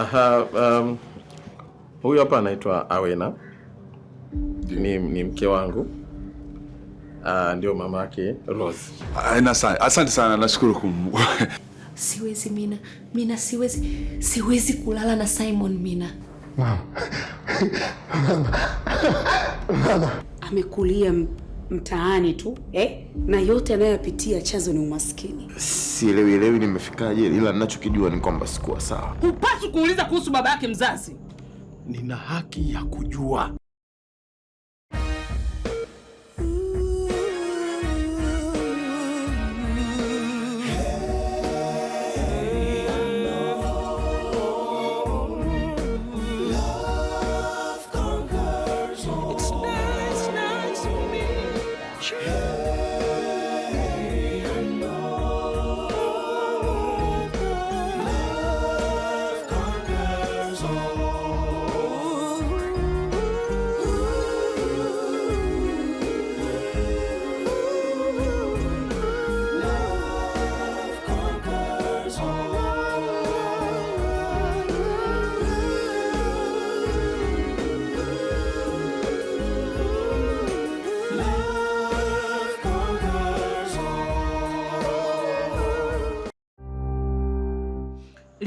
Aha, um, huyu hapa anaitwa Awena ni, ni mke wangu uh, ndio mama yake Rose. Ah, asante sana, nashukuru kum siwezi Mina, Mina siwezi, siwezi kulala na Simon Mina. Mama. Mama. Mama. Amekulia mtaani tu eh? na yote anayoyapitia chanzo ni umaskini. Sielewi elewi nimefikaje, ila ninachokijua ni kwamba sikuwa sawa. Hupaswi kuuliza kuhusu baba yake mzazi. Nina haki ya kujua.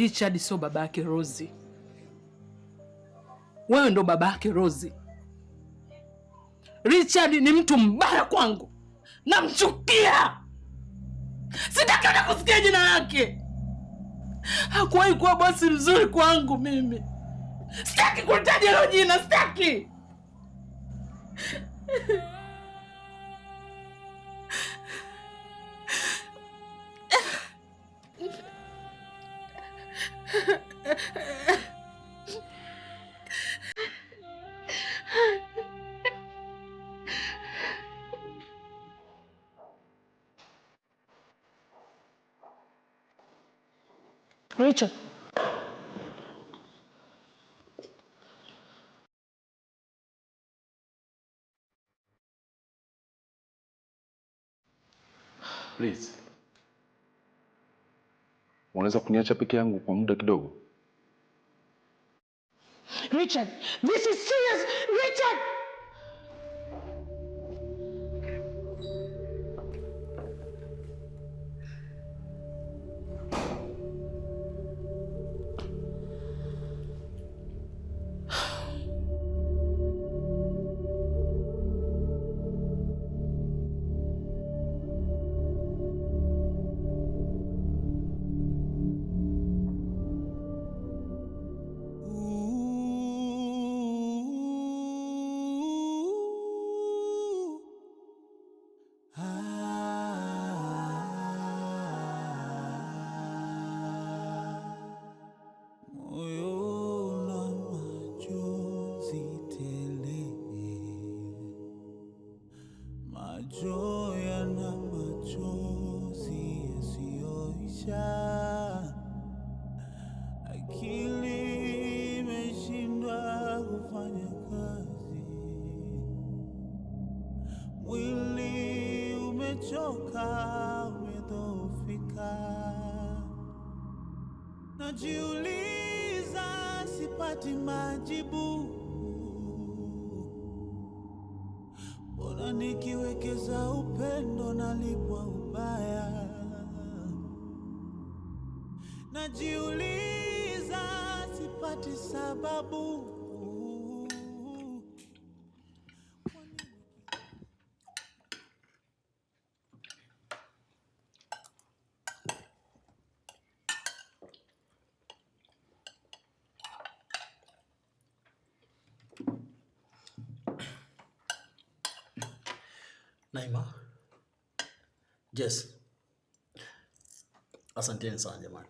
Richard sio baba yake Rozi, wewe ndo baba yake Rozi. Richard ni mtu mbaya kwangu, namchukia, sitaki hata kusikia jina lake. Hakuwahi kuwa bosi mzuri kwangu mimi, sitaki kulitaja hilo jina, sitaki Rachel. Please. Unaweza kuniacha peke yangu kwa muda kidogo? Richard, this is serious. Richard! najiuliza, sipati majibu. Bora nikiwekeza upendo nalipwa ubaya? Najiuliza, sipati sababu Naima. Yes. Mm. Asanteni sana jamani.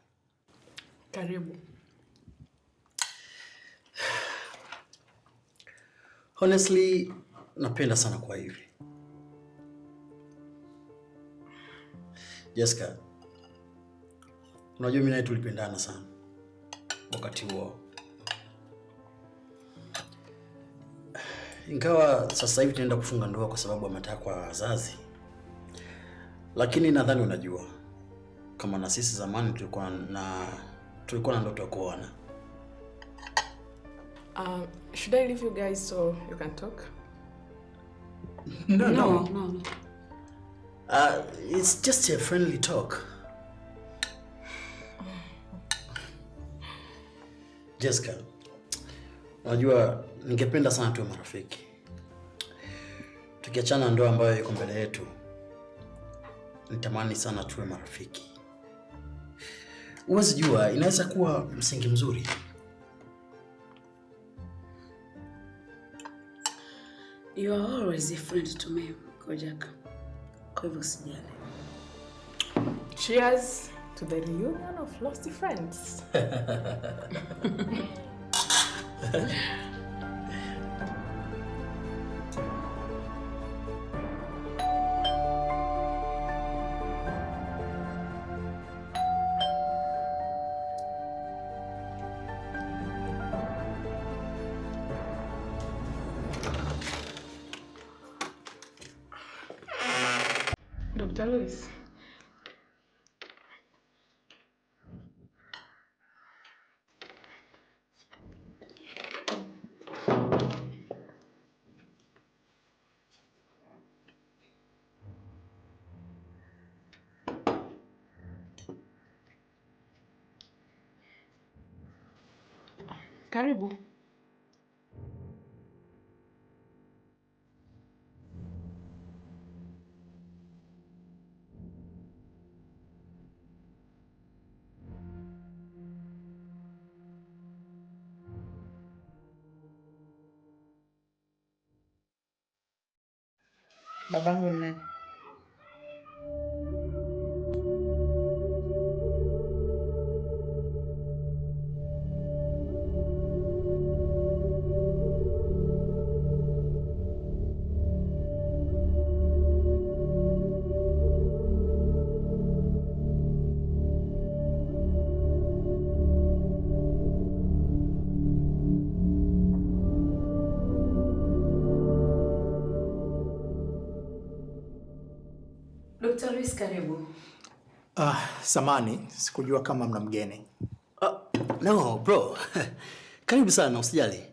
Karibu. Honestly, napenda sana kwa hivi. Jessica, unajua mimi naye tulipendana sana wakati huo ingawa sasa hivi tunaenda kufunga ndoa kwa sababu ya matakwa ya wazazi, lakini nadhani unajua kama na sisi zamani tulikuwa na tulikuwa na ndoto ya kuoana. Um, should I leave you guys so you can talk? No, no. No, Uh, it's just a friendly talk. Jessica, Unajua, ningependa sana tuwe marafiki, tukiachana ndoa ambayo iko mbele yetu. Nitamani sana tuwe marafiki. Huwezi jua, inaweza kuwa msingi mzuri. You are always a friend to me, Kojak. Kwa hivyo sijali. Cheers to the reunion of lost friends. Dr. Tá, Luiz. Karibu. Babangul nani? Samani, sikujua kama mna mgeni. Uh, no bro. Karibu sana, usijali.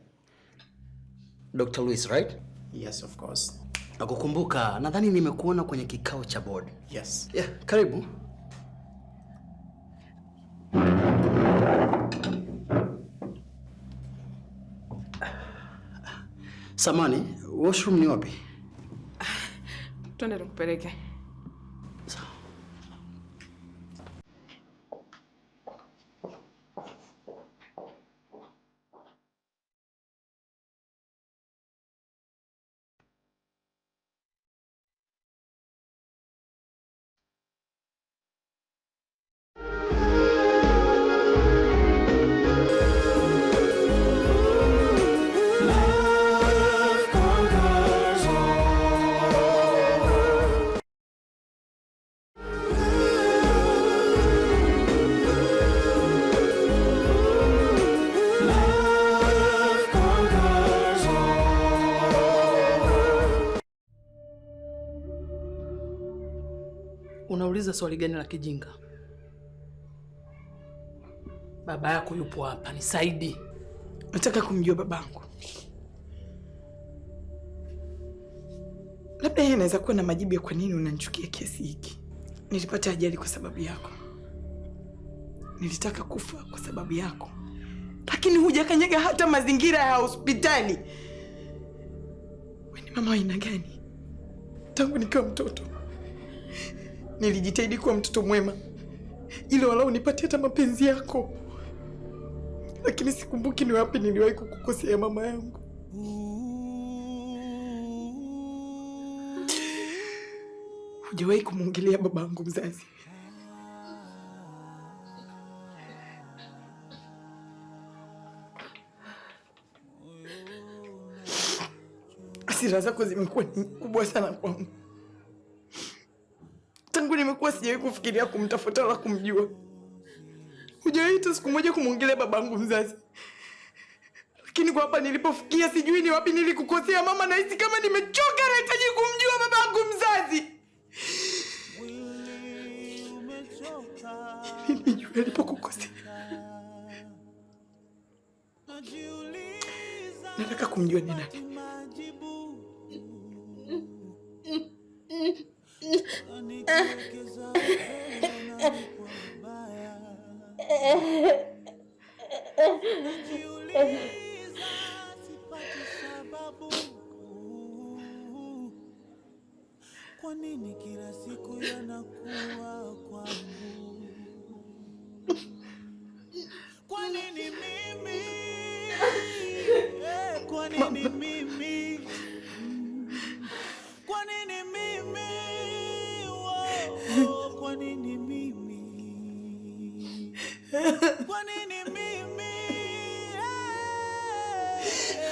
Dr. Luis, right? Yes, of course. Nakukumbuka, nadhani nimekuona kwenye kikao cha board. Yes. Yeah, karibu. Samani, washroom ni wapi? Twende tukupeleke. kuuliza swali gani la kijinga? Baba yako yupo hapa, ni Saidi. Nataka kumjua babangu. Labda yeye anaweza kuwa na majibu ya kwa nini unanichukia kiasi hiki. Nilipata ajali kwa sababu yako, nilitaka kufa kwa sababu yako, lakini hujakanyaga hata mazingira ya hospitali. Wewe ni mama wa aina gani? Tangu nikiwa mtoto Nilijitahidi kuwa mtoto mwema ili walau nipatie hata mapenzi yako, lakini sikumbuki ni wapi niliwahi kukukosea mama yangu. Hujawahi kumwongelea baba babangu mzazi. Hasira zako zimekuwa ni kubwa sana kwangu sijawahi kufikiria kumtafuta wala kumjua. Hujawahi hata siku moja kumwongelea babangu mzazi, lakini kwa hapa nilipofikia, sijui ni wapi nilikukosea mama. Nahisi kama nimechoka, nahitaji kumjua babangu mzazi. nataka kumjua ni nani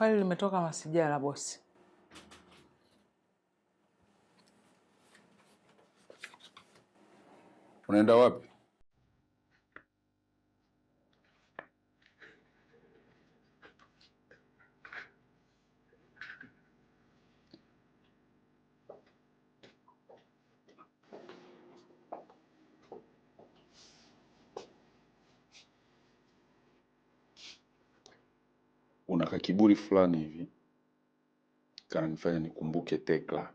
Faili limetoka masijala bosi. Unaenda wapi? kauli fulani hivi kananifanya nikumbuke Tekla.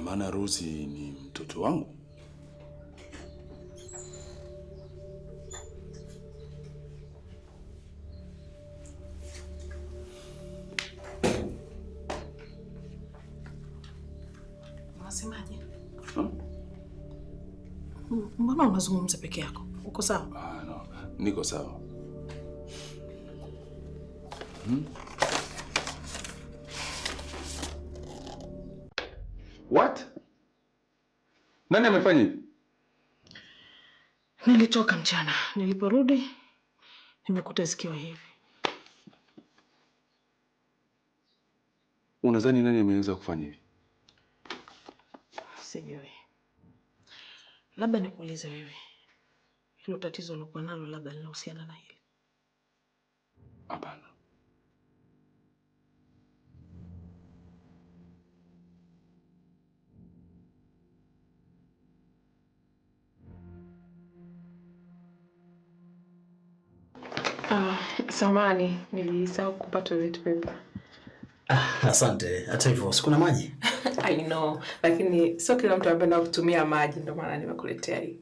Ina maana Ruzi ni mtoto wangu? Unasemaje? Mbona unazungumza peke yako? Uko sawa? Ah, no. Niko sawa. Hmm? What? Nani amefanya hivi? Nilitoka mchana, niliporudi nimekuta zikiwa hivi. Unadhani nani ameweza kufanya hivi? Sijui, labda nikuulize wewe, hilo tatizo ulikuwa nalo labda linahusiana na hili? Hapana. Samani, nilisahau kukupa toilet paper. Ah, asante. Hata hivyo, sikuna maji. I know, lakini sio kila mtu anapenda kutumia maji ndio maana nimekuletea hii.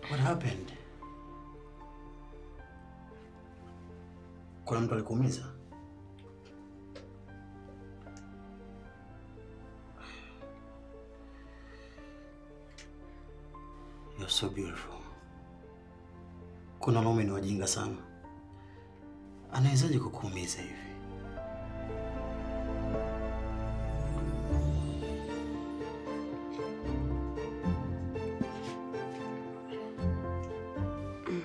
What happened? Kuna mtu alikuumiza? so beautiful. Kuna wanaume ni wajinga sana, anawezaje kukuumiza hivi? Mm,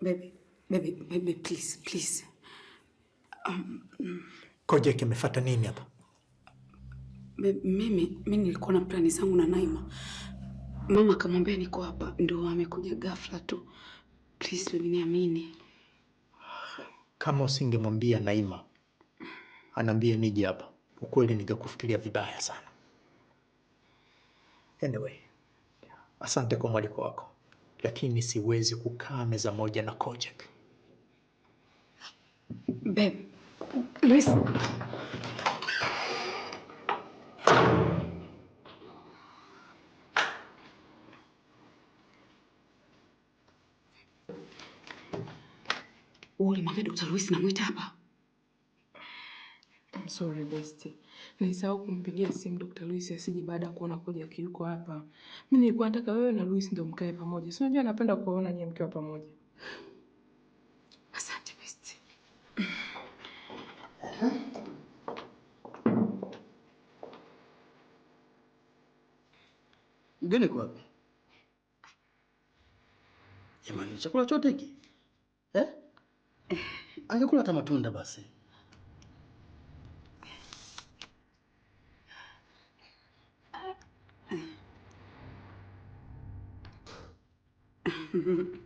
baby, baby, baby, please, please. Um, Koje kimefuata nini hapa? mimi mimi nilikuwa na plani zangu na Naima Mama akamwambia niko hapa, ndio amekuja ghafla tu. Please uniamini. Kama usingemwambia Naima anaambia niji hapa, ukweli ningekufikiria vibaya sana. Anyway, asante kwa mwaliko wako, lakini siwezi kukaa meza moja na Kojak. Babe, Luis. Ulimwambia Dr. Luis namwita hapa? I'm sorry besti. Nilisahau kumpigia simu Dr. Luis asije baada ya kuona koja yuko hapa. Mimi nilikuwa nataka wewe na Luis ndio mkae pamoja. Si unajua anapenda kuona nyinyi mkiwa pamoja. Asante besti. Mgeni kwa wapi? Jamani, chakula chote hiki? Eh? Angekula hata matunda basi.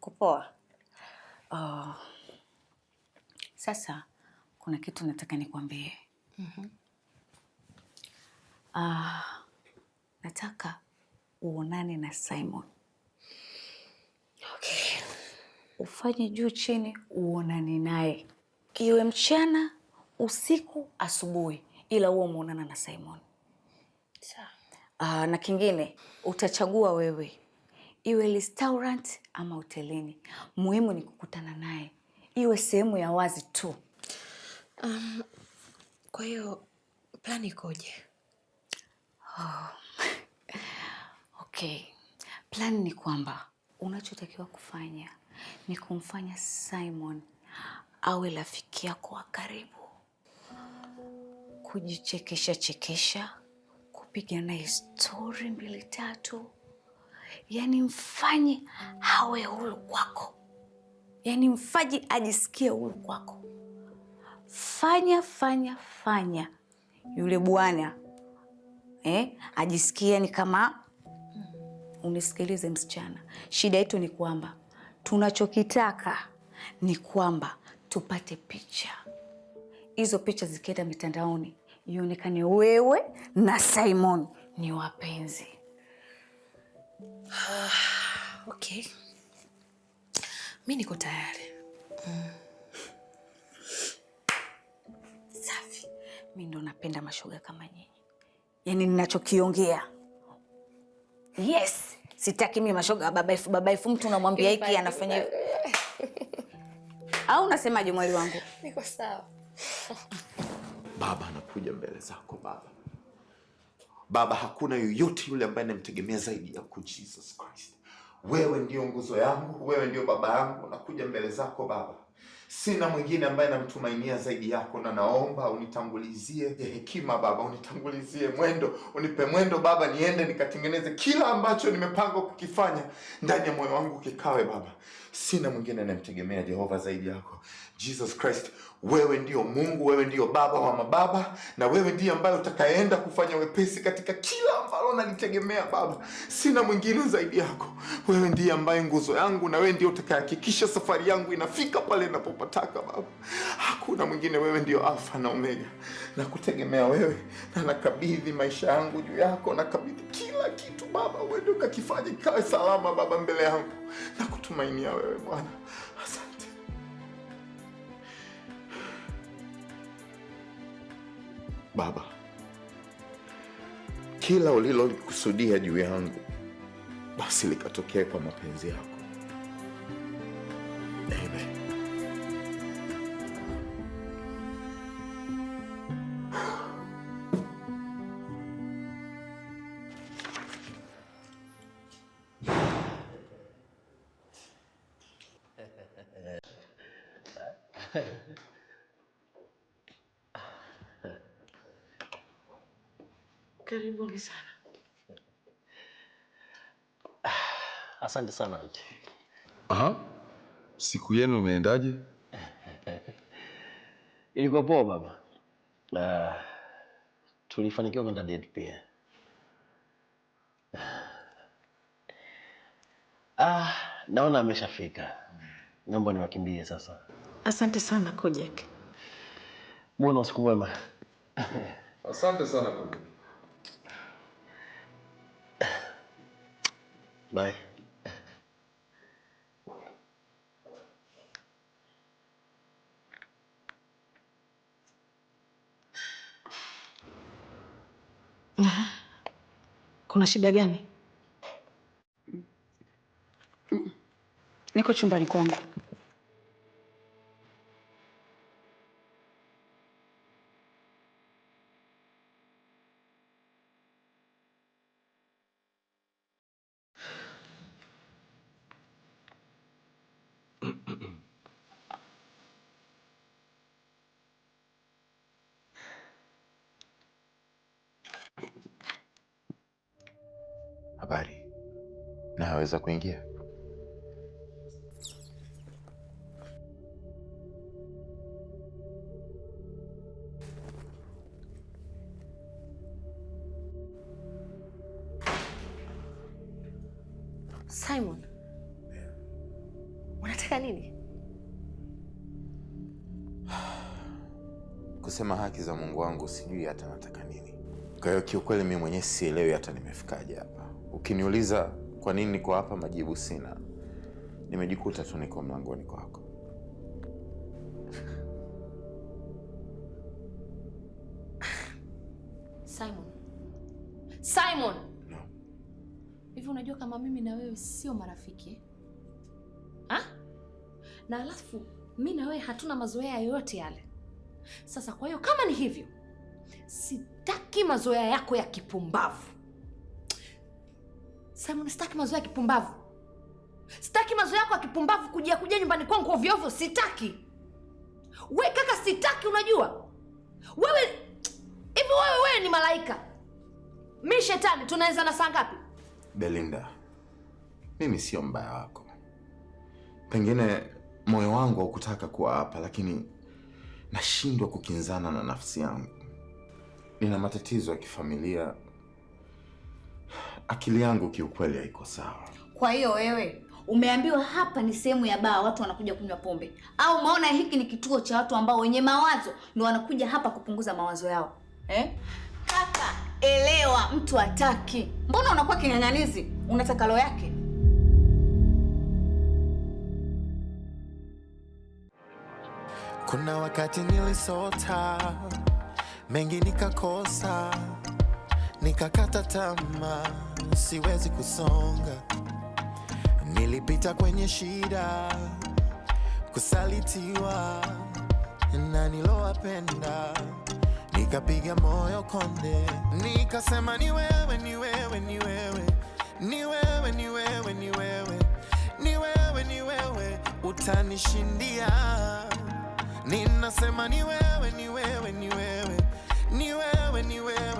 Kupoa. Oh. Sasa kuna kitu nataka nikwambie. mm -hmm. Uh, nataka uonane na Simon. Okay. Ufanye juu chini uonane naye, iwe mchana, usiku, asubuhi, ila uwe umeonana na Simon. Sawa. Uh, na kingine utachagua wewe iwe restaurant ama hotelini, muhimu ni kukutana naye, iwe sehemu ya wazi tu. Um, kwa hiyo plani ikoje? Oh. Okay, plani ni kwamba unachotakiwa kufanya ni kumfanya Simon awe rafiki yako wa karibu, kujichekesha chekesha, kupiga naye stori mbili tatu yani mfanye awe huru kwako, yani mfanye ajisikie huru kwako. Fanya fanya fanya yule bwana eh, ajisikie ni kama hmm, unisikilize msichana, shida yetu ni kwamba tunachokitaka ni kwamba tupate picha hizo. Picha zikienda mitandaoni, ionekane wewe na Simon ni wapenzi. Okay, mi niko tayari. Mm. Safi, mi ndo napenda mashoga kama nyinyi, yaani ninachokiongea. Yes, sitaki mi mashoga babaifu babaifu, mtu unamwambia hiki anafanya au unasemaje? Mwali wangu niko sawa. Baba anakuja mbele zako baba Baba, hakuna yoyote yule ambaye namtegemea zaidi yako Jesus Christ. Wewe ndio nguzo yangu, wewe ndio baba yangu. Nakuja mbele zako Baba, sina mwingine ambaye namtumainia zaidi yako, na naomba unitangulizie hekima Baba, unitangulizie mwendo, unipe mwendo Baba, niende nikatengeneze kila ambacho nimepanga kukifanya ndani ya moyo wangu, kikawe Baba. Sina mwingine anayemtegemea Jehova zaidi yako Jesus Christ wewe ndiyo Mungu, wewe ndiyo Baba wa mababa, na wewe ndiye ambaye utakayeenda kufanya wepesi katika kila ambalo nalitegemea. Baba, sina mwingine zaidi yako. Wewe ndiye ambaye nguzo yangu, na wewe ndio utakayehakikisha safari yangu inafika pale ninapopataka. Baba, hakuna mwingine, wewe ndio Alfa na Omega. Nakutegemea wewe na nakabidhi maisha yangu juu yako, nakabidhi kila kitu Baba, wewe ndio ukakifanye kawe salama Baba mbele yangu, nakutumainia wewe Bwana. Baba, kila ulilokusudia juu yangu basi likatokea kwa mapenzi yako. Amen. Karibuni sana. Ah, asante sana auntie. Aha. Siku yenu imeendaje? Ilikuwa poa baba. Uh, tulifanikiwa kwenda date pia. Ah, naona ameshafika. Naomba niwakimbie sasa. Asante sana Kojek. Mbona usiku mwema. Asante sana Kojek. Bye. Kuna shida gani? Niko chumbani kwangu. unaweza kuingia? Simon, Unataka nini? Kusema haki za Mungu wangu sijui hata nataka nini. Kwa hiyo kiukweli mimi mwenyewe sielewi hata nimefikaje hapa. Ukiniuliza kwa nini niko hapa? Majibu sina, nimejikuta tu niko mlangoni kwako. Simon, Simon, hivi no. Unajua kama mimi na wewe sio marafiki ha? Na alafu mi na wewe hatuna mazoea yoyote yale. Sasa kwa hiyo kama ni hivyo, sitaki mazoea yako ya kipumbavu. Simon, sitaki mazoea ya kipumbavu. Sitaki mazoea yako ya kipumbavu kujia kuja nyumbani kwangu ovyo ovyo, sitaki. We kaka, sitaki. Unajua wewe hivi, wewe wewe ni malaika, mi shetani, tunaweza na saa ngapi? Belinda, mimi sio mbaya wako, pengine moyo wangu haukutaka kuwa hapa, lakini nashindwa kukinzana na nafsi yangu. Nina matatizo ya kifamilia akili yangu kiukweli haiko sawa. Kwa hiyo wewe umeambiwa hapa ni sehemu ya baa, watu wanakuja kunywa pombe, au maona hiki ni kituo cha watu ambao wenye mawazo ndio wanakuja hapa kupunguza mawazo yao eh? Kaka elewa, mtu hataki. Mbona unakuwa kinyanyalizi Unataka roho yake. Kuna wakati nilisota mengi nikakosa nikakata tamaa, siwezi kusonga. Nilipita kwenye shida, kusalitiwa na nilowapenda, nikapiga moyo konde, nikasema ni wewe, ni wewe, ni wewe, ni wewe, ni wewe, ni wewe, ni wewe, ni wewe utanishindia. Ninasema ni wewe, ni wewe, ni wewe, ni wewe, ni wewe